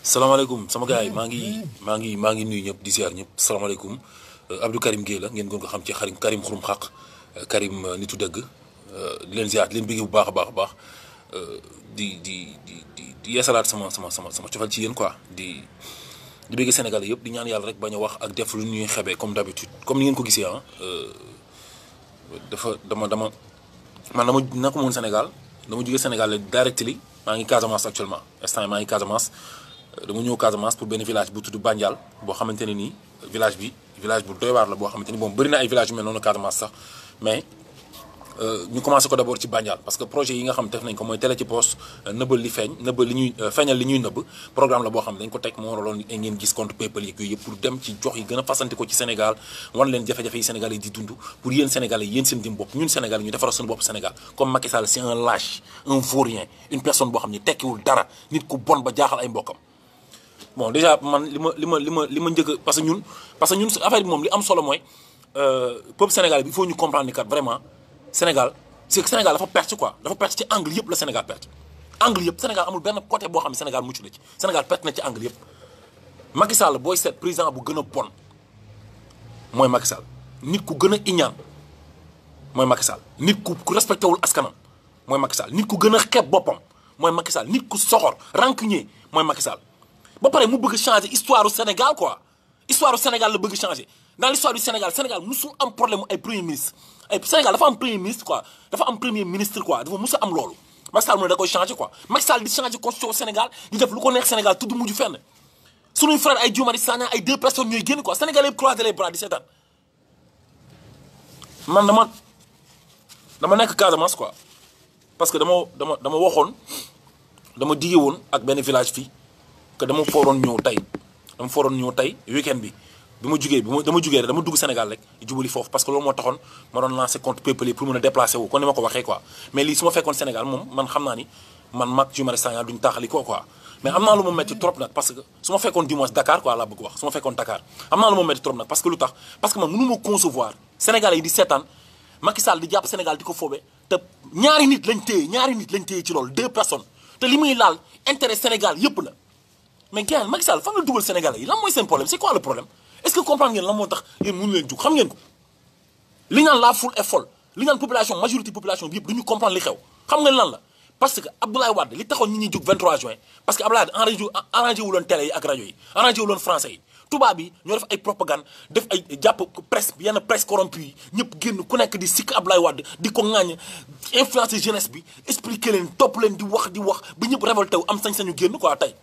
salaamaaleykum sama gars yi maa ngi maa ngi maa ngi nuyu ñëpp di ziar ñëpp salaamaaleykum euh, Abdou Karim Gueye la ngeen gën ko xam ci xarim Karim Xurum Xaq euh, Karim euh, nitu dëgg di leen ziar di leen bëgg bu baax a baax a baax di di di di di yeesalaat sama sama sama sama cofal ci yéen quoi di di bëgg Sénégal yëpp di ñaan yàlla rek bañ a wax ak def lu ñuy xebee comme d'habitude comme ni ngeen ko gisee ah dafa dama dama man dama naka moon Sénégal dama jógee Sénégal direct maa ngi Casamance actuellement instant maa dama ñëw Casamance pour benn village bu tudd Bandial boo xamante ni village bi village bu doy waar la boo xamante ni bon bëri na ay village yu mel noonu Casamance sax mais euh, ñu commencé ko d' abord ci Bandial parce que projet yi nga xam def nañ ko mooy télé ci poste euh, nëbbal li feeñ nëbbal li ñuy euh, feeñal li ñuy nëbb programme la boo xam dañ ko teg moo waraloon ngeen gis compte PayPal yeeg yooyu yëpp pour dem ci jox yi gën a fasante ko ci Sénégal wan leen jafe-jafe yi Sénégal yi di dund pour yéen Sénégal yi yéen seen dim bopp ñun Sénégal yi ñu defaral suñu bopp Sénégal comme Macky Sall c'est un lâche un vaurien une personne boo xam ne tekkiwul dara nit ku bon ba jaaxal ay mbokkam bon déjà man li ma li ma li parce que ñun parce que ñun affaire mom li am solo euh peuple sénégalais bi il faut ñu comprendre ni kat vraiment Sénégal c'est que Sénégal dafa perdre quoi dafa perdre ci angle yëpp le Sénégal perd angle yëpp Sénégal amul ben côté bo xam Sénégal muccu na ci Sénégal perd na ci angle yëpp Macky Sall boy seet président bu gën pon moy mooy Macky Sall nit ku gën a moy Macky Sall nit ku ku respecté wul askanam moy Macky Sall nit ku gën a xeeb moy Macky Sall nit ku soxor rancunier moy Macky Sall ba pare mu bëgg changer histoire du Sénégal quoi histoire du Sénégal le bëgg changer dans l'histoire du Sénégal Sénégal nous sommes am problème ay premier ministre puis, Sénégal dafa un premier ministre quoi dafa am premier ministre quoi dafa un am loolu Macky Sall mu ne changer quoi Macky Sall di changer constitution Sénégal di def lu ko neex Sénégal tudd mujj fenn suñuy frère ay Guy Marius Sagna ay deux personnes ñooy génn quoi Sénégal yëpp croisé les bras di seetaan man dama dama nekk Casamance quoi parce que dama dama dama waxoon dama dige woon ak benn village fii que dama fooroon ñëw tey dama fooroon ñëw tay weekend bi bi ma dama jugee dama dugg Sénégal rek jubali fofu parce que lolu mo taxone ma don lancer compte People pour mën déplacer wu kon ni mako waxé quoi mais li suma fekkon Sénégal mom man xamna ni man mag Guy Marius Sagna duñu taaxali ko quoi mais amna naa lu ma metti trop nak parce que suma fekkon fekkoon du moins Dakar quoi la bëgg wax suma fekkon fekkoon Dakar am lu ma metti trop nak parce que lu tax parce que man mënu ma concevoir sénégal yi di sétane Macky Sall di japp Sénégal di ko foobe te ñaari nit lañ téye ñaari nit lañ téye ci lool deux personnes te li muy laal intérêt Sénégal yépp la mais gars Macky Sall fan la double Sénégalais yi lan mooy seen problème c'est quoi le problème est-ce que comprendre ngeen lan la tax yéen mënu leen jug xam ngeen ko li la foule est folle li population majorité population bi yëpp du ñu comprendre li xew xam lan la parce que Abdoulaye Wade li taxoon ñi ñuy jug 23 juin parce que Abdoulaye Wade arrangé arrangé wu loon télé yi ak rajo yi arrangé wu français yi tubaab bi ñoo def ay propagande def ay jàpp presse presse corrompue yi ñëpp génn ku nekk di sikk Abdoulaye Wade di ko ŋaañ influencer jeunesse bi expliquer les top, leen di wax di wax ba ñëpp révolté wu am sañ-sañu génn quoi tey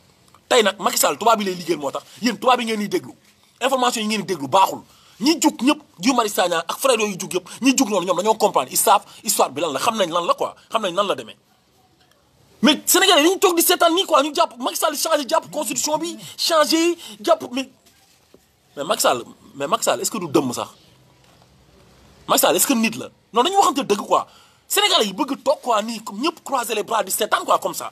tay nak Macky Sall tubaab bi lay liggéeyal moo yeen yéen tubaab ngeen di déglu information yi ngeen di déglu baaxul ñi jug ñëpp Guy Marius Sagna ak frère yooyu jug yëpp ñi jug noonu ñoom dañoo comprendre ils savent histoire bi lan la xamnañ lan la quoi xamnañ nan la demee mais sénégalais dañu tok di seetaan ni quoi ñu japp Macky Sall changé japp constitution bi changé japp mais mais Macky Sall mais Macky Sall est-ce que du dëmm sax Macky Sall est-ce que nit la non dañu waxante deug quoi sénégalais yi bëgg tok quoi ni ñep croiser les bras di seetaan quoi comme ça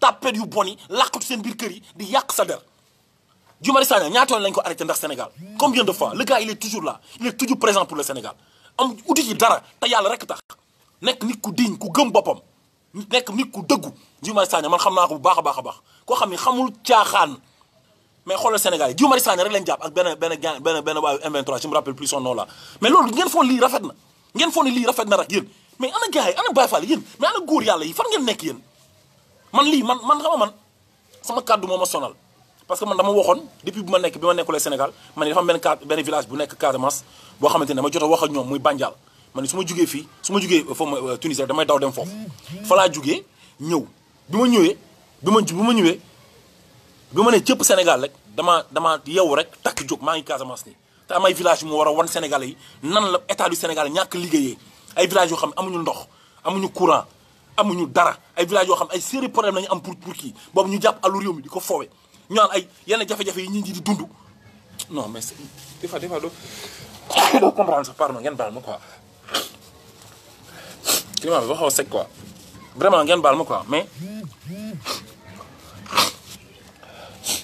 tapé du Bunny, la làqatu de de Yak Sader. di Sader. sa der il y a lañ Sénégal combien de fois le gars il est toujours là il est toujours présent pour le Sénégal am uti il dara te yàlla rek tax nekk nit ku diñ ku gëm boppam nekk nit ku dëggu man xam ko bu a baax a mais Sénégal rek lañ ben ak ben ben M23 je me rappelle plus son nom là mais ngeen ngeen Il ne a rek mais gars ana il yi fan ngeen man li man man xam man sama cadre moma sonal parce que man dama waxone depuis bima nek bima bi ma senegal Sénégal man dafa ben cadre ben village bu nek Casamance bo xamanteni dama jot a wax ak ñoom muy Bandial man ni su ma jugee fii su ma jugee foofu euh, Tunisie damay daw dem foofu fala laa ñew bima ñewé bima bima ñewé bima ne cëpp Sénégal rek dama dama yew rek tak jóg maa ngi Casamance nii te am ay village yu mu war wan Sénégalais nan la état du Sénégal ñak liggéeyee ay village yo xam amuñu ndox amuñu courant amuñu dara ay village yo xam ay série problème lañu am pour pour ñu ay yi ñi di non mais des fois des fois comprendre ça pardon ngeen parler ma quoi sec quoi vraiment ngeen bal ma quoi mais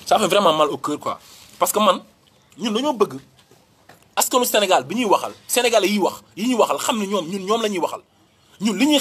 ça fait vraiment mal au cœur quoi parce que man ñun dañu bëgg askanu Sénégal bi ñuy waxal sénégalais yi wax yi ñuy waxal xam ne ñoom ñun ñoom la waxal ñun li ñuy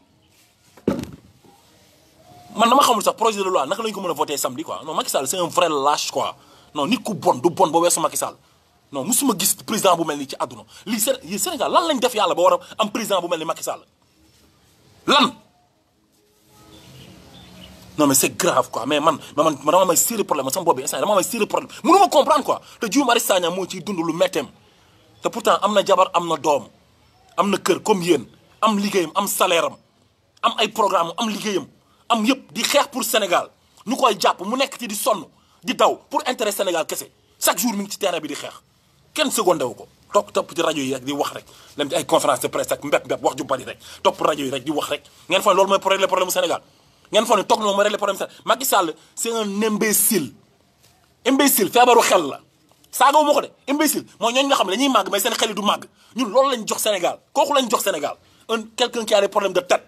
man dama xamul sax projet de loi naka lañ ko mën a voté samedi quoi non Macky Sall c'est un vrai lâche quoi non nit ku bon du bon ba weesu Macky Sall non musuma gis président bu mel nii ci aduna lii Séné Sénégal lan lañ def yàlla ba war a am président bu mel ni Macky Sall lan. non mais c'est grave quoi mais man ma man dama may sérieux problème sama bopp bi instant dama may sérieux problème mënuma comprendre quoi te Guy Marius Sagna moo ciy dund lu metteem te pourtant am na jabar am na doom am na kër comme yéen am liggéeyam am salaire am am ay programme am liggéeyam am yëpp di xex pour Sénégal ñu koy jàpp mu nek ci di sonu di daw pour intérêt Sénégal kessé chaque jour mi ngi ci terrain bi di xex ken secondé wu top top topp ci rajo yi rek di wax rek dem ci ay conférence de presse ak mbépp mbépp wax ju bari rek top radio yi rek di wax rek ngeen foog ne moy régler problème du Sénégal ngeen foog ne toog mo régler problème Sénégal Macky Sall c'est un imbécile imbécile feebaru xel la saagawu ma ko de imbécile mo ñooñu nga xam ne dañuy mag mais seen xel du mag. ñun loolu lañ jox Sénégal kooku lañ jox Sénégal un quelqu'un qui a des problèmes de tête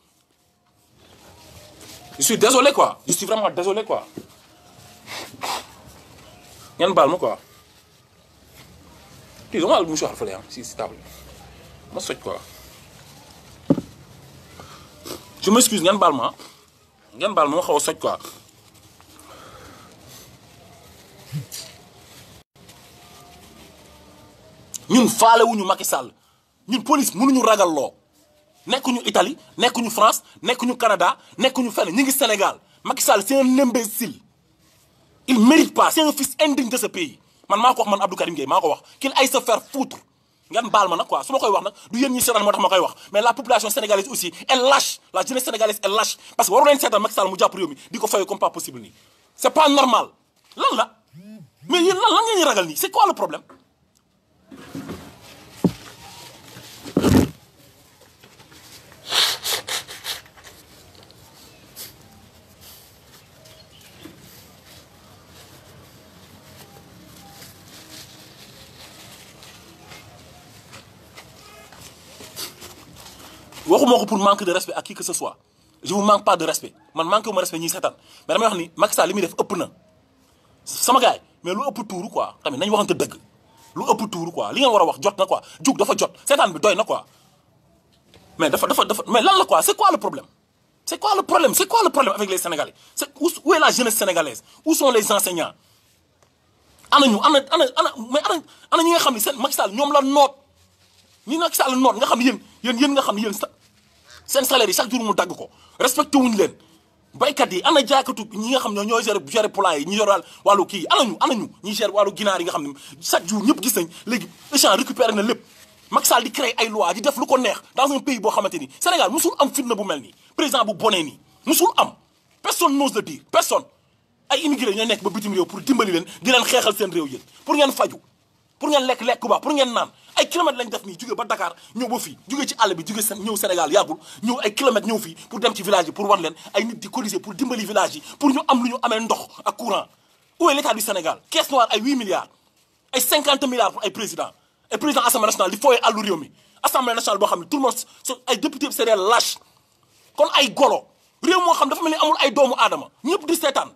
Je suis désolé, quoi. Je suis vraiment désolé, quoi. une quoi. Tu dis, on le mouchoir, frère, si c'est stable. Moi, c'est quoi. Je m'excuse, Yann Balmo. Hein. moi moi, je quoi. Nous, nous wuñu Macky Sall ñun police nous ragal ça nekkuñu Italie nekkuñu France nekkuñu Canada nekkuñu fenn ñu ngi Sénégal Macky Sall c'est un imbécile il mérite pas c'est un fils indigne de ce pays man maa ko wax man Abdou Karim Gueye maa ko wax qu'il aille se faire foutre ngeen baal ma nag quoi su ma koy wax nag du yéen ñi seetaan moo tax ma koy wax mais la population sénégalaise aussi elle lâche la jeunesse sénégalaise elle lâche parce que waru leen seetaan Macky Sall mu jàpp réew mi di ko fayoo comme pas possible nii c'est pas normal lan la mais yéen lan lan ngeen ñu ragal nii c'est quoi le problème waxumako pour manque de respect à qui que ce soit je vous manque pas de respect man manque wu respect ñiy seetaan mais dama wax ni Macky Sall limi def ëpp na sama gars mais lu ëpp tuuru quoi tamit nañ waxante deug lu ëpp tuuru quoi li nga wara wax jot na quoi jug dafa jot seetaan bi doy na quoi mais dafa dafa dafa mais lan la quoi c'est quoi le problème c'est quoi le problème c'est quoi le problème avec les Sénégalais c'est où est la jeunesse sénégalaise où sont les enseignants ana ñu ana ana mais ana ana ñi nga xam ni Macky Sall ñom la noot ñi Macky Sall noot nga xam yeen yeen yéen nga xam ne seen salaire yi chaque jour mu dagg ko respecté wuñ leen baykat yi ana jaaykatu ñi nga xam ne ñooy gérer gérer poulailler yi ñu yor wàllu kii ana ñu ana ñu ñuy gérer wàllu ginaar yi nga xam ne chaque jour ñëpp gi nañ léegi Auchan récupéré na lépp Macky Sall di créer ay loi di def lu ko neex dans un pays boo xamante ni Sénégal musul am fitna bu mel nii président bu bonee nii musul am personne n'ose le dire personne ay immigré ñooy nekk ba bitim réew pour dimbali leen di leen xeexal seen réew yéen pour ngeen faju pour ngeen lek lek ba pour ay kilomètres Dakar Sénégal ay kilomètres fi pour dem ci village pour wan ay nit di pour pour ñu am ndox ak courant où est l'état du Sénégal 8 milliards ay 50 milliards pour ay président ay président assemblée nationale mi assemblée nationale tout le monde ay député des kon ay golo réew mo xam dafa melni amul ay doomu adama ñepp di sétane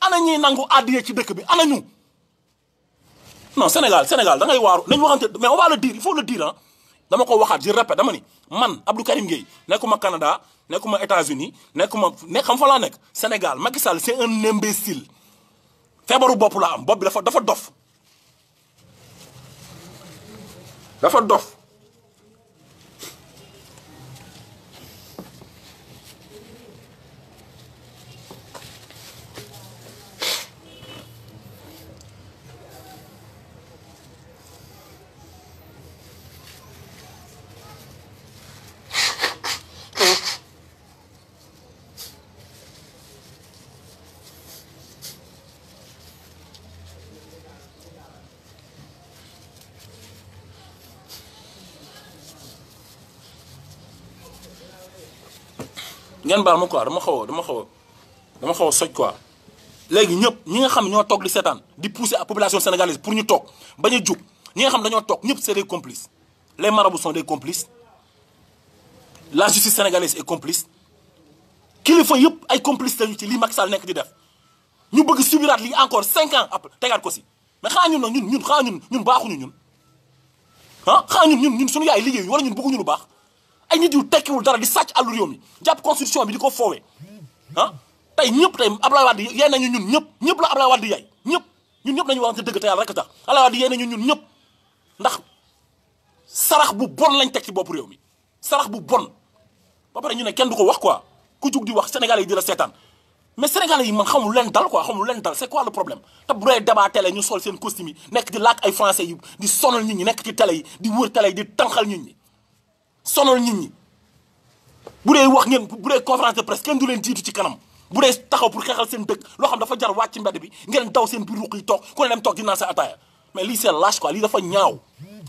ana ñi nangu ci ana ñu non Sénégal Sénégal da ngay waaru nañu mais on va le dire il faut le dire ah dama ko waxaat je répète dama ni man Abdou Karim Gueye nekkuma Canada nekkuma États-Unis nekkuma ne xam fa laa nekk Sénégal Macky c'est un imbécile feebaru bopp laa am bopp bi dafa dafa dof dafa dof ngeen baal ma quoi dama xaw dama xaw dama quoi. ñi nga xam ñoo di pousser population sénégalaise pour ñu toog ñi nga xam des complices les marabouts sont des complices la justice sénégalaise est complice qui yëpp ay complices lañu ci li Macky Sall di def ñu bëgg encore 5 ans après mais nous ñun nag ñun ñun xanaa ñun ñun baaxuñu ñun ah xanaa ñun ñun suñu yaay ñun lu ay nit yu tekkiwul dara di sàcc àllu réew mi jàpp constitution bi di ko foowee ah tey ñëpp tey Ablaye Wade yee nañu ñun ñëpp ñëpp la Ablaye Wade yaay ñëpp ñun ñëpp nañu waxante dëgg te yàlla rek tax Ablaye Wade yee nañu ñun ñëpp ndax sarax bu bon lañ teg ci bopp réew mi sarax bu bon ba pare ñu ne kenn du ko wax quoi ku jug di wax sénégalais yi di la seetaan mais sénégalais yi man xamul leen dal quoi xamul leen dal c'est quoi le problème te bu dee débat télé ñu sol seen costume yi nekk di laak ay français yi di sonal nekk ci télé yi di wër télé yi di tànqal ñi sonal nit ñi bu dee wax ngeen bu dee conférence de presse kenn du leen jiitu ci kanam bu dee taxaw pour xeexal seen dëkk lo xam dafa jar wàcc mbéd bi ngeen daw seen biir ruq tok ku leen tok dina sa ataaya mais li c'est lâche quoi li dafa ñaaw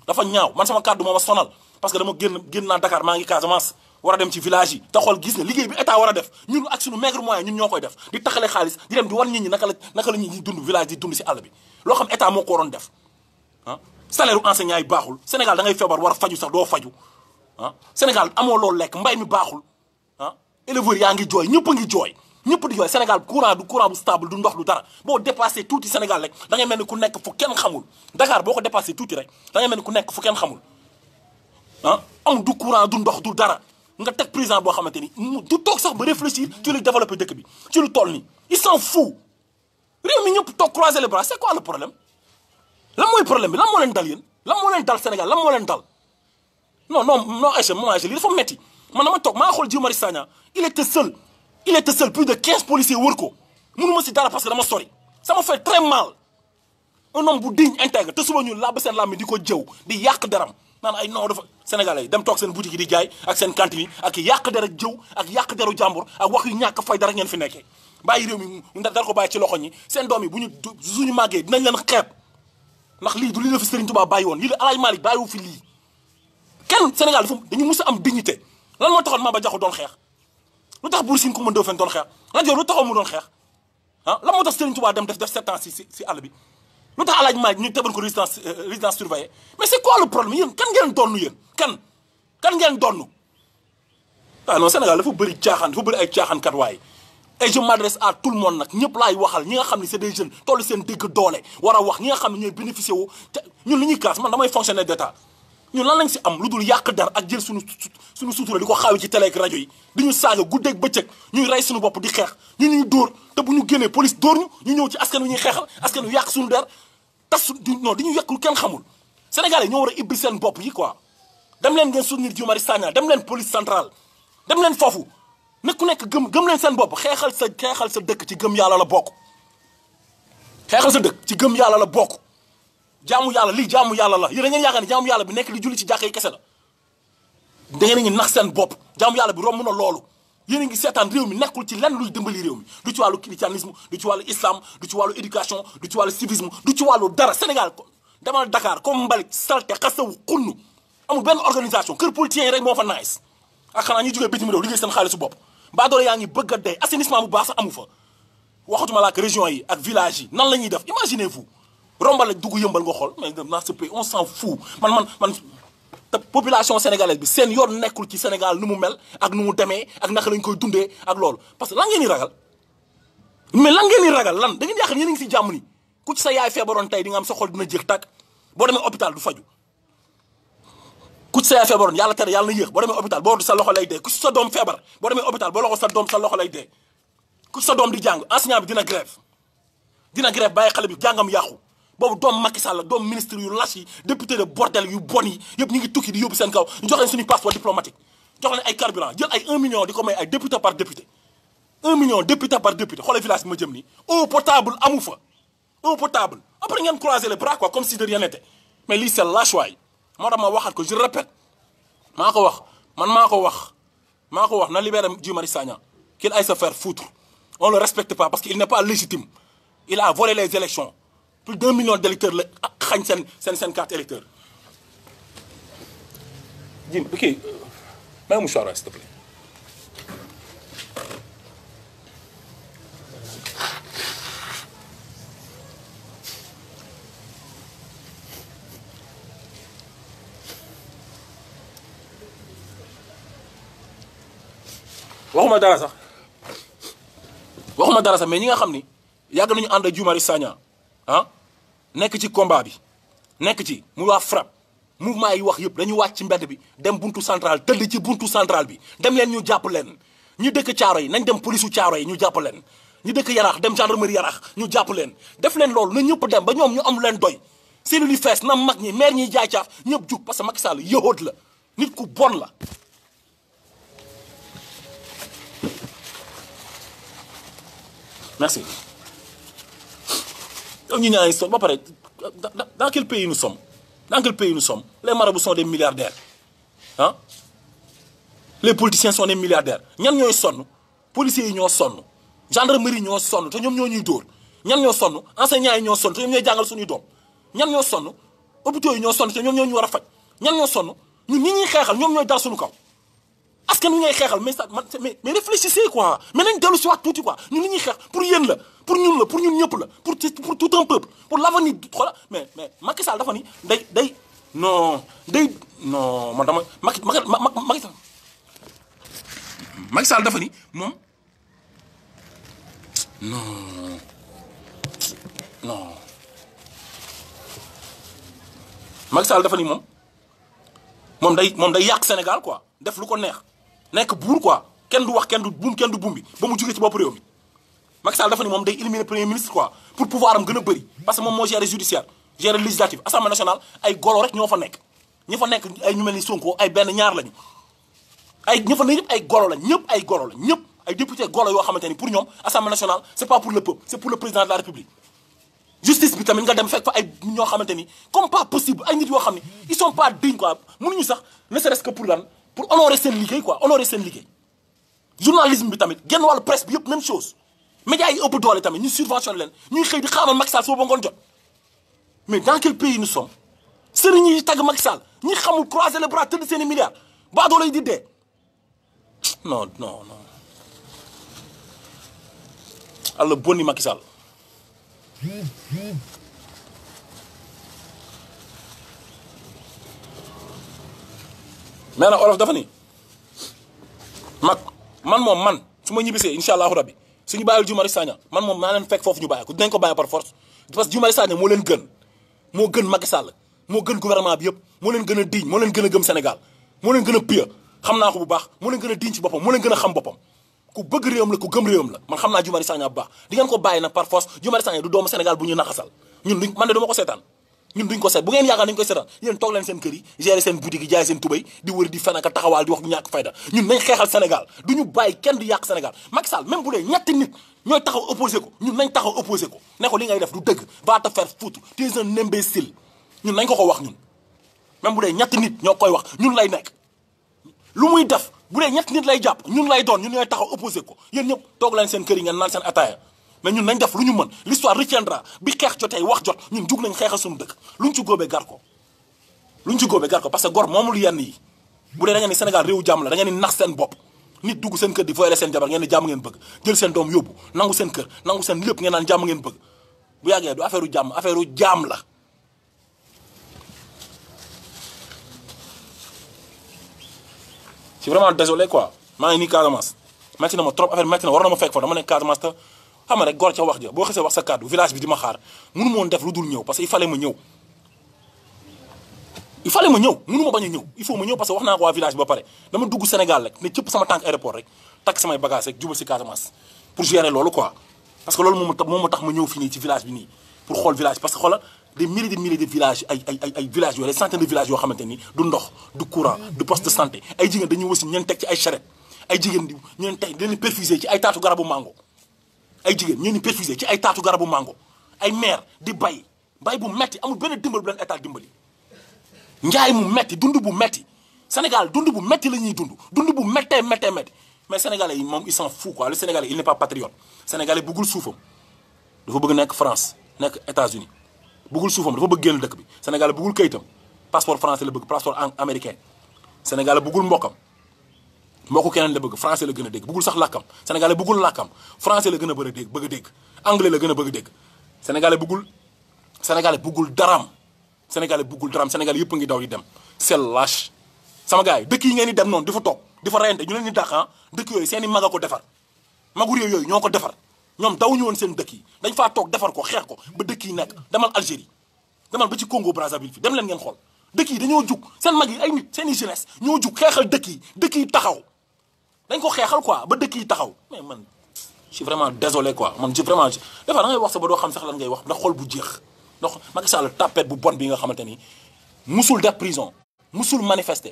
dafa ñaaw man sama kàddu moo sonal parce que dama génn génn na Dakar ma ngi Casamance wara dem ci village yi ta xol gis ne liggéey bi état wara def ñun ak suñu maigre moyen ñun ñokoy def di taxale xaalis di dem di wan nit ñi naka la naka la ñuy dund village di dund ci àll bi lo xam état moo ko waroon def ah salaire enseignant yi baxul Sénégal da ngay febar war faju sax do faju ah Sénégal amoo loolu lek, mbay mi baxul. Hein? Ah. Éleveur yaa ngi jooy ñëpp ngi joy. Ñepp di joy. Sénégal courant du courant bu stable du ndox du dara Bo dépassé touti Sénégal lek, da ngay melni ku nekk fu kenn xamul Dakar boko ko dépassé tuuti rek da ngay melni ku nekk fu kenn xamul Hein? Ah. am du courant du ndox du dara nga tek président bo xamanteni, du tok sax ba réfléchir ci lu développer dëkk bi ci lu toll ni. il s'en fout réew mi ñepp tok croiser les bras c'est quoi le problème lan moy problème bi lan moo leen dal yéen lan mo len dal Sénégal lan mo len dal non non non Aïcha maman Aïcha lii faut metti man dama toog maa xool Guy Marius Sagna il était seul il était seul plus de 15 policiers wër ko mënuma si dara parce que dama sori ça m'a fait très mal un homme bu digne intègre te suba ñu làbb seen làmb di ko jëw di yàq deram naan ay non dafa sénégalais yi dem toog seen boutique yi di jaay ak seen cantine yi ak yàq der ak jëw ak yàq deru jàmbur ak wax yu ñàkk fay dara ngeen fi nekkee bàyyi réew mi ndax dara ko bàyyi ci loxoñi ñi seen doom yi suñu màggee dinañ leen xép ndax li du li la fi Serigne Touba bàyyi woon lii la Alaaj Malick bàyyiwu fi lii quel Sénégal dafa dañu mus a am dignité lan moo taxoon Maba Diakhou doon xex. lu tax Buur Sine Coumba Ndoffène doon xeex Lat Joor lu taxoon mu doon xex. ah lan mo tax Serigne Touba dem def def 7 ans ci ci si bi lu tax alaaj Maj ñu tebal ko résidence euh, résidence surveillée mais c'est quoi le problème yéen kan ngeen donnu yéen kan kan ngeen donnu ah non Sénégal dafa bëri caaxaan fu bëri ay kat way. et je m'adresse à tout le monde nak ñepp lay waxal ñi nga xam c'est des jeunes toll seen dégg doole wara wax ñi nga xam ne ñooy wu ñun li ñuy kaas man damay fonctionnaire d'état ñu lan lañ ci am luddul yak dar ak jël suñu suñu sutura diko ko ci télé ak radio yi di ñu guddé ak bëcëk ñuy ray suñu bop di xex ñu ñu door te buñu gëné police door ñu ñu ñëw ci askan wi ñuy xeexal askan wi yàq sunu der tas non di ñu yàq lu kenn xamul sénégalais ñoo wara a ibbi seen bop yi quoi dem leen ngeen soutenir Guy Marius Sagna dem leen police centrale dem leen fofu ne ku nekk gëm gëm leen seen bop xexal sa xexal sa dëkk ci gëm yalla la bok xexal sa dëkk ci gëm yalla la bok jaamu yalla li jaamu yalla la yéen da ngeen yaakaar ne jaamu yàlla bi li julli ci jaxay kessela da ngeen ngi nax sen bop jaamu yalla bi romb na loolu yéen ngi seetaan rew mi nekul ci lenn luy dembali rew mi du ci walu christianisme du ci walu islam du ci walu education du ci walu civisme du ci walu dara Sénégal demal Dakar comme Mbalik salte xasawu xunn amu ben organisation kër politien rek mo fa nice ak ah, xana ñuy joge bitim réew liggéey sen xaalisu bopp baadoolo yaa ngi bëgg a assainissement bu baax sax amu fa waxatuma la ak région yi ak village yi nan lañuy def imaginez vous rombal ak dugg yëmbal nga xool mais dans ce on s'en man man man population sénégalaise bi seen yoon nekkul ci Sénégal nu mu mel ak nu mu demee ak naka lañ koy dundee ak loolu parce que lan ngeen di ragal mais lan ngeen di ragal lan da ngeen yaakaar yéen a ngi si jàmm ni ku ci sa tey di am sa dina jéex tàkk boo demee hôpital du faju ku ci sa yaay feebaroon yàlla tere yàlla boo demee hôpital boo sa loxo lay dee ku ci sa doom feebar boo demee hôpital sa doom lay dee ku sa doom di jàng enseignant bi dina grève dina grève bàyyi xale bi jàngam yàqu boobu dom Macky Sall la ministre yu lachi député de bordel yu boni yeb yëpp ngi tukki di yóbbu seen kaw ñu jox leen suñu passeport diplomatique jox leen ay carburant jël ay 1 million diko may ay député par député 1 million député par député xolé village bi ma jëm nii eau potable amu fa eau potable après ngeen croiser les bras quoi comme si de rien n'était mais li c'est lâchewaay moo mo ma waxaat ko je répète mako wax man mako wax mako wax na libérer Guy Sagna qu'il aille se faire foutre on le respecte pas parce qu'il n'est pas légitime il a volé les élections plus d'un million d'électeurs la sen, sen, sen carte électeur jim ok euh, may mouchoir s'il te plaît waxuma dara sax waxuma dara sax mais ñi nga xam ni nañu ànd ak Jumari Sagna ah nekk ci combat bi nekk ci mu waa FRAPP mouvement yi wax yëpp dañu wàcc ci mbedd bi dem buntu central tëdd ci buntu central bi dem leen ñu jàpp leen ñu dëkk caaro yi nañ dem polisu caaro yi ñu jàpp leen ñu dëkk yaraax dem gendarmerie yaraax ñu jàpp leen def leen loolu na ñëpp dem ba ñoom ñu am leen doy cellules yi fees na mag ñi maire ñiy jaay caaf ñëpp jug parce a Macky Sall yëhoot la nit ku bon la ñu ne ay ba pare dans quel pays nous sommes dans quel pays nous sommes les marabouts sont des milliardaires ah les politiciens sont des milliardaires ñan ñooy sonn policiers yi ñoo sonn gendarmerie ñoo sonn te ñoom ñoo ñuy dóor ñan ñoo sonn enseignants yi ñoo sonn te ñoom ñooy jàngal suñuy doom ñan ñoo sonn hôpitaux yi ñoo sonn te ñoom ñoo ñu war a faj ñan ñoo sonn ñun ñi ñuy xeexal ñoom ñooy dal suñu kaw. Est-ce ngay nous mais ça mais réfléchissez quoi mais nous dellu si quoi nous n'y pour rien pour nous, pour nous, ñëpp la pour tout un peuple pour l'avenir mais mais Macky day day non day non Madame dama Macky Macky Non, non non Macky dafa day day Sénégal quoi def lu nek bour quoi kenn du wax kenn du buum kenn du buum bi ba mu jugee ci bopp réew mi Macky Sall dafa ni mom day éliminer premier ministre quoi pour pouvoir am gëna a bëri parce que mom mo gérer judiciaire gérer législatif assemblée nationale ay golo rek ñoo fa nekk ñi fa nekk ay ñu melni Sonko ay benn ñaar lañu ay ñi fa ne ñëpp ay golo lañ ñëpp ay golo lañ ñëpp ay député golo yo xamanteni pour ñom assemblée nationale c'est pas pour le peuple c'est pour le président de la république justice bi tamit nga dem fekk fa ay ñoo xamanteni comme pas possible ay nit yo xamni ils sont pas dignes quoi mënuñu sax ne serait-ce que pour lan pour honorer seen ligue quoi honorer seen ligue journalisme bi tamit genn wal presse bi yëpp même chose médias yi ëpp doole tamit ñu subventionné len ñu xey di xaaral Macky Sall soo ba jot mais dans quel pays nous sommes sëriñ yi tag Macky Sall ñi xamul croiser les bras tëdd seen i milliards ba do lay di dé non non non Allah bonni Macky Sall mais olof dafa ni mak man mom man suma ñibisé inshallah rabbi suñu bayal Guy Marius man mom ma leen fekk fofu ñu bayako ko dinañ ko bàyyi par force parce que Guy Marius mo moo leen gën mo gën Macky Sall mo gën gouvernement bi yëpp mo leen gëna diñ mo leen gëna gëm Sénégal mo leen gëna a xamna ko bu baax mo leen gëna diñ ci bopam mo leen gëna xam bopam ku bëgg réewam la ku gëm réewam la man xamna naa Guy Marius bu baax di ngeen ko bàyyi nag par force Guy Marius du doomu Sénégal bu ñu naxasal ñun man de ko sétane ñun duñ ko seet bu ngeen yaakaar dañ koy seetaan yéen toog leen seen kër yi gérer seen boutique yi jaay seen tubéy di wër di fenaka taxawaal di wax ñun bàyyi kenn yàq Sénégal Macky Sall même bu dee ñetti nit ñooy taxaw opposé ko ñun nañ taxaw opposé ko ne ko li ngay def du dëgg va te faire un nañ ko ko wax ñun même bu dee ñetti nit ñoo koy wax ñun lay nekk lu muy def bu dee ñetti nit lay jàpp ñun lay doon ñun ñooy taxaw ko yéen ñëpp toog leen seen kër yi ngeen naan seen ataaya mais ñun nañ def lu ñu mën l'histoire retiendra bi xeex jotee wax jot ñun jug nañ a suñu dëkk luñ ci góobee gar ko luñ ci góobee gar ko parce que gor moomul yenn yi bu dee da ngeen ni Sénégal réewu jàmm la da ngeen ni nax seen bopp nit dugg seen kër di voyale seen jabar ngeen ni jàmm ngeen bëgg jël seen doom yóbbu nangu seen kër nangu seen lépp ngeen naan jàmm ngeen bëgg bu yàggee du affaire u jàmm affaire u la c'est vraiment désolé quoi maa ngi nii Casamance metti ma trop affaire metti war ma fekk fa dama nekk xam nga rek gor ca wax ja boo xasee wax sa kàddu village bi di ma xaar munu moon def lu dul ñëw parce que il fallait ma ñëw il fallait ma ñëw munu ma bañ a ñëw il faut ma ñëw parce que wax naa ko waa village ba pare dama dugg Sénégal rek ne cëpp sama tànk aéroport rek takk samay bagage rek jubal si Casamance pour gérer loolu quoi parce que loolu moom moo ma tax ma ñëw fii nii ci village bi nii pour xool village parce que xoolal des milliers de milliers de villages ay ay ay ay villages les des centaines de villages yoo xamante ni du ndox du courant du poste de santé ay jigéen dañuy wasi ñu leen teg ci ay charrette ay jigéen di ñu leen teg di leen ci ay taatu garabu mango ay jigéen ñoo ñu pestisé ci ay taatu garabu mango ay mère di bay bay bu metti amul benn dimbal bu leen état dimbali njaay mu metti dundu bu metti Sénégal dundu bu metti lañuy dundu dundu bu metté metté métti mais sénégalais mom ils sont fous quoi le sénégalais il n'est pas patriote sénégalais bëggul soufam dafa bëgg nek France nek États-Unis bëggul soufam dafa bëgg génn dëkk bi sénégalais bëggul kayitam passeport français le bëgg passeport américain sénégalais bëggul mbokam moko ko keneen la bëgg français la gëna dégg bëggul sax lakam sénégalais bëggul lakam français la gëna bëre dégg bëgg dégg anglais la gëna bëgg dégg sénégalais bëggul sénégalais bëggul daram sénégalais bëggul daram sénégalais yëpp ngi daw di dem c'est lâche sama gaay dëkk yi ngeen di dem noonu di fa toog di fa reyante ñu leen di dàqan ah, dëkk yooyu seen i mag ko defar magu réew yooyu ñoo ko defar ñoom daw ñu woon seen dëkk yi dañ faa toog defar ko xeex ko ba dëkk yi nekk demal Algérie demal ba ci Congo Brazzaville fi dem leen ngeen xool dëkk yi dañoo jug seen mag yi ay nit seen i jeunesse ñoo jug xeexal dëkk yi dëkk yi taxaw dañ ko xéxal quoi ba dëkk yi taxaw mais man je suis vraiment désolé quoi man je vraiment dafa da ngay wax sa ba do xam sax lan ngay wax ndax xol bu jeex ndax Macky Sall tapet bu bonne bi nga xamanteni musul def prison musul manifester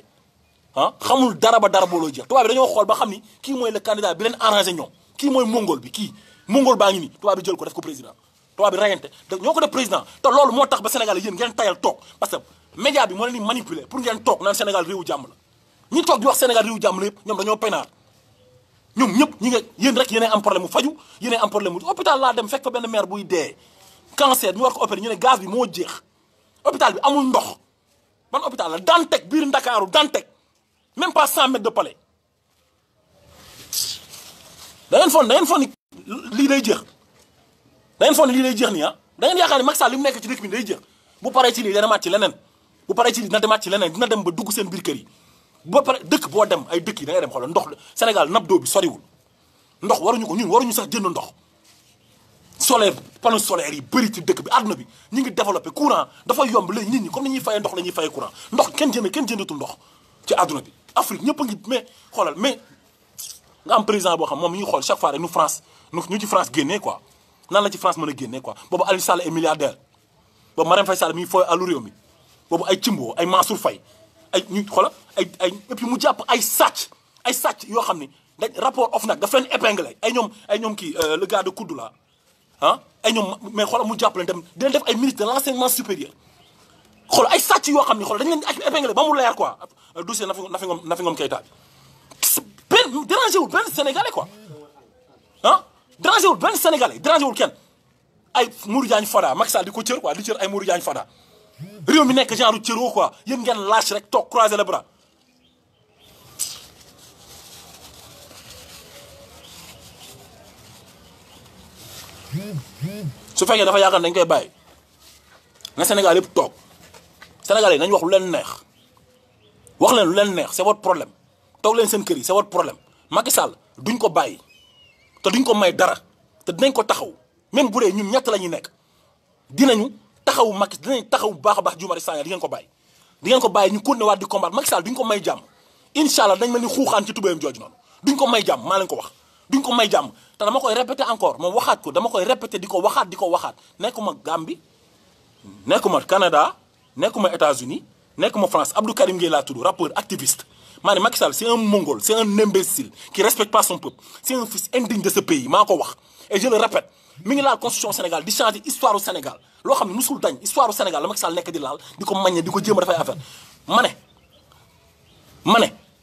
han ah, xamul dara ba dara bo lo jeex tubaab bi dañoo xol ba xamni ki moy le candidat bi len arrangé ñoom ki moy mongol bi ki mongol baa ngi nii tubaab bi jël ko def ko président tubaab bi rayante ñoo ko def président te loolu mo tax ba Sénégal yeen ngeen tayal tok parce que média bi mo leen di manipuler pour ngeen tok naan Sénégal rewu jamm la ñi tok di wax Sénégal rewu jamm la yëpp ñoom dañoo penaar ñoom ñëpp ñi nga yéen rek yéenay am problème mu faju yenee am problème mu hôpital laa dem fekk fa benn mère buy dee cancer ñu war ko opérer ñu ne bi moo jeex hôpital bi amul ndox ban hôpital la Dantec biir Ndakaaru Dantec même pas 100 mètres de palais da ngeen foog da ngeen lii day jeex da ngeen foog ni lii day jeex nii ah da ngeen yaakaar ni Macky Sall li mu ci dëkk bi day jeex bu paree ci lii dana mat ci leneen bu pare ci lii dina demaat ci leneen dina dem ba dugg seen biir kër yi ba pare dëkk boo dem ay dëkk yi da ngay dem xoolal ndox Sénégal nabdoo bi soriwul ndox ñu ko ñu ñun ñu sax jënd ndox solaire panneau solaire yi bëri ci dëkk bi àdduna bi ñu ngi développé courant dafa yomb léegi nit ñi comme ni ñuy faye ndox la ñuy fayee courant ndox kenn jënd kenn jëndatul ndox ci àdduna bi Afrique ñëpp a ngi mais xoolal mais nga am boo xam moom mi ngi xool chaque fois rek nu France ñu ci France génnee quoi nan la ci France mën a génnee quoi boobu Aliou Sall est milliardaire boobu Marème Faye Sall mi ngi fooy alu boobu ay Cimbo ay Mansour Faye ay ñu xoolal ay ay et mu jàpp ay sàcc ay sàcc yoo xam ni dañ rapport OFNAC daf leen épinglé ay ñoom ay ñoom kii euh, le gars de Koudou là ah ay ñoom mais xoolal mu jàpp leen dem def ay ministre de l' enseignement supérieur xool ay sàcc yoo xam ni xool dañ leen épinglé ba mu leer quoi euh, dossier Nafi Nafi Ngom Nafi Ngom Keïta bi benn dérangé wul benn sénégalais quoi ah dérangé wul benn sénégalais dérangé wul kenn ay Mourou Diagne Fada Macky Sall di ko cër quoi di cër ay Mourou Diagne Fada réew mi nekk genre cëroo quoi yéen ngeen lâche rek toog croiser les bras su fekkee dafa yaakaar dañ koy bàyyi na Sénégal yëpp toog Sénégalais nañ wax lu leen neex wax leen lu leen neex c'est votre problème toog leen seen kër yi c'est votre problème Macky Sall duñ ko bàyyi te duñ ko may dara te dinañ ko taxaw même bu dee ñun ñett la ñuy nekk dinañu taxaw Macky dinañ taxaw bu baax a baax Guy Sall Sagna di ngeen ko bàyyi di ngeen ko bàyyi ñu continuer waat di combattre Macky Sall duñ ko may jàmm incha allah dañ mel ni xuuxaan ci tubéyam jooju noonu duñ ko may jàmm maa leen ko wax duñ ko may jam. te dama koy répéter encore mo waxat ko dama koy répéter diko waxat diko waxat nekuma Gambie nekuma Canada nekuma États-Unis nekuma France Abdou Karim Gueye laa tudd rappeur activiste mané ne Macky Sall c'est un mongol c'est un imbécile qui respecte pas son peuple c'est un fils indigne de ce pays mako wax et je le répète mi ngi construction constitution Sénégal di changer histoire au Sénégal Lo xam nous musul dañ histoire au Sénégal la Macky Sall nekk di lal Diko magné diko di ko jéem affaire mané mané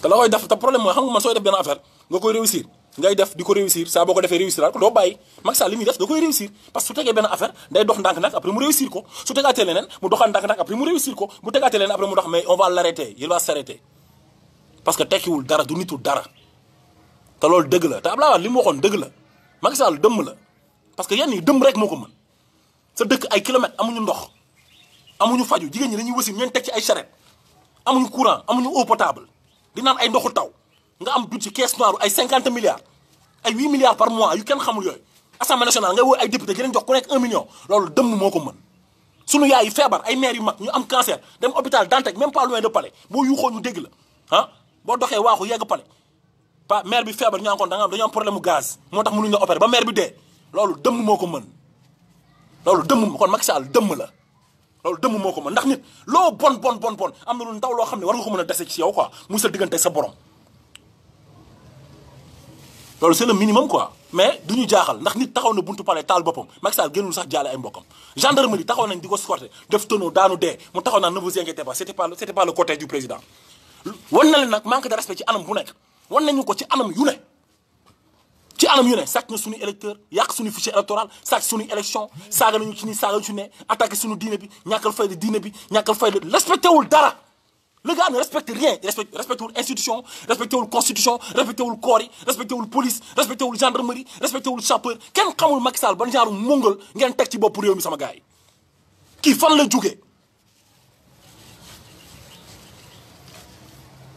te la koy def te problème moy xam nga man sooy def ben affaire nga koy réussir ngay def diko réussir sa boko defé réussir ko do bàyyi mak sa limi def da koy réussir parce que su tegee ben affaire day dox ndank nak après mu réussir ko su tegaatee lenen mu doxaat ndank nak après mu réussir ko bu tegaatee lenen après mu dox mais on va l'arrêter il va s'arrêter parce que teki wul dara du nitu dara te lol deug la te Abdoulaye Wade li mu waxoon la mak sa dëmm la parce que yenn yi dëmm rek moko man sa dëkk ay kilomètres amuñu ndox amuñu faju jigéen ñi dañuy wasin ñeen teg ci ay charrette amuñu courant amuñu eau potable di naan ay ndoxu taw nga am budget caisse noire ay 50 milliards ay 8 milliards par mois yu kenn xamul yoy assemblée nationale nga wo ay député di jox ku nek 1 million lolou dëmm moko ko mën. sunu yaay yu ay mère yu mag ñu am cancer dem hôpital Dantec même pas loin de Palais boo yuuxoo ñu dégg la han ah, bo doxé waxu yegg Palais pa mère bi feebar ñu encore da nga am dañoo am problème gaz motax mënu ñu la opérer ba mère bi dé lolou dëmm moko ko mën loolu dëmm kon Macky Sall dëmm la. loolu dëmm moo ko mën ndax nit loo bon bon bon bon am na lu ndaw loo xam ne war ko mën a dese ci yow quoi muy sa diggante sa borom loolu c'est le minimum quoi mais du ñu jaaxal ndax nit taxaw na buntu palais taal boppam Macky Sall génnul sax jaale ay mbokkam gendarmerie taxaw nañ di ko escorter def tonneau daanu dee mu taxaw naa ne vous inquiétez pas c'était pas c'était pas le cortège du président wan na leen nag manque de respect ci anam bu nekk wan ñu ko ci anam yu ne ci anam yu ne sak na suñu électeur yak suñu fichier électoral sak suñu élection saaga ñu ci ni saaga nañu ne attaqué suñu diine bi ñakal fayda diine bi ñakal fayda respecté wul dara le gars ne respecte rien respecte respecte wul institution respecté wul constitution respecté wul corps respectez respecté wul police respecté wul gendarmerie respecté wul chapeur ken xamul Macky Sall ban genre Mongol ngeen tek ci bop pour mi sama Qui ki le fan la jógee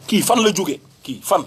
ki fan la jógee ki fan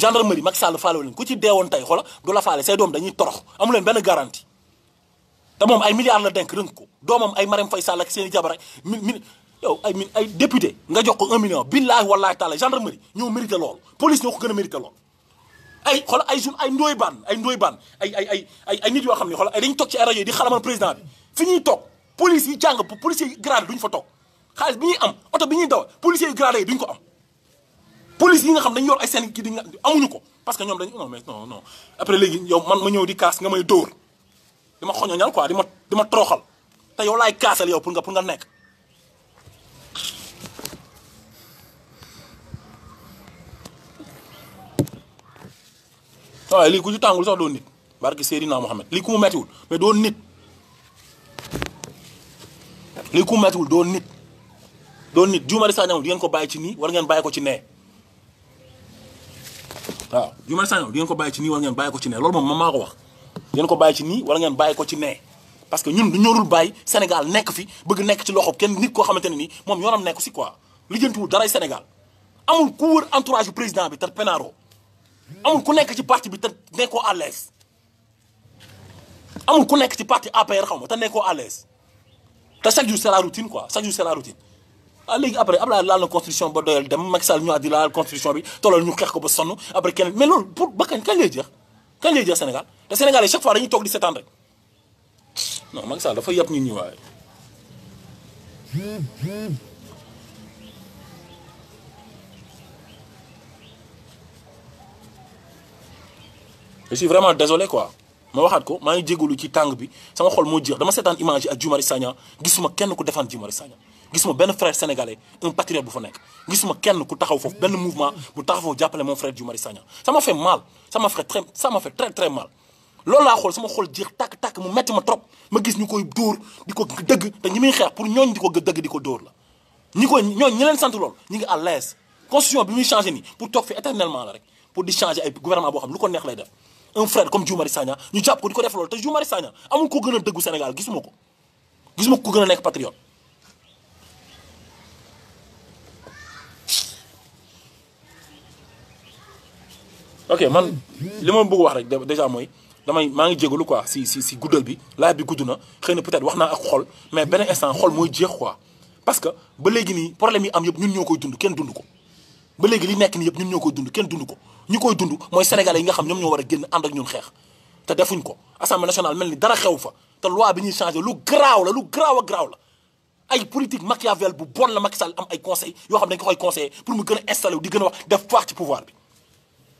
gendarmerie Macky Sall faale leen ku ci deewoon tey xoola du la faale say doom dañuy torox amu leen benn garantie te moom ay milliards la denk rënk ko doomam ay Marème Faye Sall ak seen i jabar ak mi yow ay min ay nga jox ko un million billaahi wallaahi taala gendarmerie ñoo mérité lool police ñoo ko gën a mérité lool ay xoola ay jour ay ndooy baan ay ndooy baan ay ay ay ay ay nit yoo xam ne xoola ay dañu toog ci ay rajo yi di xalamal président bi fi ñuy toog police yi jàng policier yi fa toog xaalis bi ñuy am oto bi ñuy daw policier yi grade ko am police yi nga xam dañ yor ay sen ki di amuñu ko parce que ñom dañ non mais non non après légui yow man ma ñew di kaas nga may door dima xoño ñal quoi dima dima troxal te yow lay kaasal yow pour nga pour nga nek waaye li ku ci tangul sax do nit barki serina Mohamed li ku mu wul mais do nit li ku mu wul do nit do nit djuma saa ñamul di ngeen ko bay ci ni war ngeen bay ko ci ne waaw Diomaye Sagna di ngeen ko bàyyi ci nii wala ngeen bàyyi ko ci ne loolu moom maa ko wax di ngeen ko bàyyi ci nii wala ngeen bàyyi ko ci ne parce que ñun du ñorul bàyyi Sénégal nekk fi bëgg nekk ci loxo kenn nit koo xamante ne nii moom yoonam nekk si quoi lijjantiwul daray Sénégal amul ku wër entourage bu président bi te penaaro amul ku nekk ci parti bi te nekkoo à l'aise amul ku nekk ci parti APR xam ma te nekkoo à l'aise te chaque jour c'est la routine quoi chaque jour Ah, après, après après la construction constitution ba doyal dem a dit ñu la constitution bi tollal ñu xex ko ba sonu après mais lool pour ba kan lay kan lay Sénégal Le Sénégal chaque fois dañuy tok di sétane non Macky dafa yapp ñu je suis vraiment désolé quoi ma ko ma ngi djegulu ci tang bi sama xol dama image ak Sanya. Sagna kenn ko gisuma benn frère sénégalais un patriote bu fa nek gisuma kenn ku taxaw foofu ben mouvement bu taxaw jappalé mon frère Guy Marius Sagna ça m'a fait mal ça m'a fait très ça m'a fait très très mal loolu la xol sama xol jeex tak tak, mu metti ma trop ma gis ñukoy door diko deug te ñi muy xex pour ñooñ diko deug diko door la ñi koy ñooñ ñi leen sant lool ñi ngi à l'aise constitution bi muy changer ni, pour tok fi éternellement la rek pour di changer ay gouvernement bo xam lu ko neex lay def un frère comme Guy Marius Sagna ñu japp ko diko def loolu te Guy Marius Sagna amul ko gën deug Sénégal gisuma ko gisuma ko gën nek patriote ok man li ma bëgg wax rek déjà mooy damay maa ngi jégalu quoi si si si guddal bi la bi gudd xeyna peut-être waxna ak xol mais benen instant xol moy jeex quoi parce que ba léegi ni problème yi am yëpp ñun ñoo dund ken dund ko ba léegi li nek ni yëpp ñun ñoo dund ken dund ko ñu dund moy sénégalais yi nga xam ñom ñoo wara genn and ak ñun xex te defuñ ko assemblée nationale melni dara xew fa te loi bi ñi changer lu garaaw la lu garaaw ak garaaw la ay politique machiavel bu bon la Macky Sall am ay conseil yo xam dañ ko koy conseillé pour mu gën installer di gën wax def faax ci pouvoir bi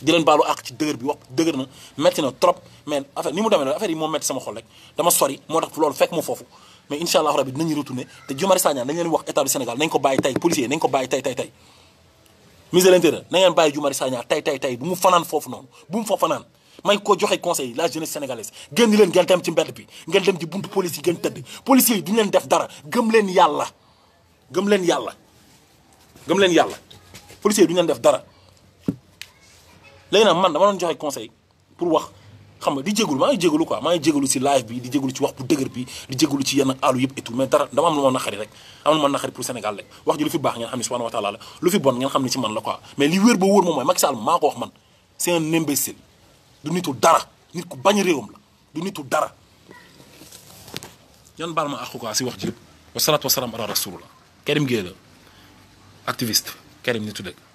di leen baalu ak ci dëgër bi wax dëgër na métti na trop mais affaire ni mu demee affaire yi moo métti sama xol rek dama sori moo tax loolu fekk mu foofu mais incha allah rabi dinañu retourné te Guy Marius Sagna dañ leen wax état du Sénégal nañ ko bàyyi tey policier nañ ko bàyyi tey tey tey mise de l'intérieur na ngeen bàyyi Guy Marius Sagna tey tey tey bu mu fanaan foofu noonu bu mu fa fanaan may ko joxe conseil la jeunesse sénégalaise génn leen ngeen dem ci mbedd bi ngeen dem ci buntu police yi ngeen tëdd policiers yi duñ leen def dara gëm leen yàlla gëm leen yàlla gëm leen yàlla policiers yi duñ leen def dara léegi nag man dama doon joxe conseil pour wax xam nga di jégalu maa ngi jégalu quoi maa ngi jégalu ci live bi di jégalu ci wax bu dëgër bi di jégalu ci yenn àllu yëpp et tout mais dara dama am lu ma naqari rek am lu ma naqari pour Sénégal rek wax ji lu fi baax ngeen xam ne subhanahu wa taala la lu fi bon ngeen xam ne ci man la quoi mais li wér ba wóor moom mooy Macky Sall maa ko wax man c'est un imbécile du nitu dara nit ku bañ réewam la du nitu dara yan baal ma àqu quoi wax ji yëpp wasalaatu wasalaam ala rasulullah Karim Gueye la activiste Karim nitu dëgg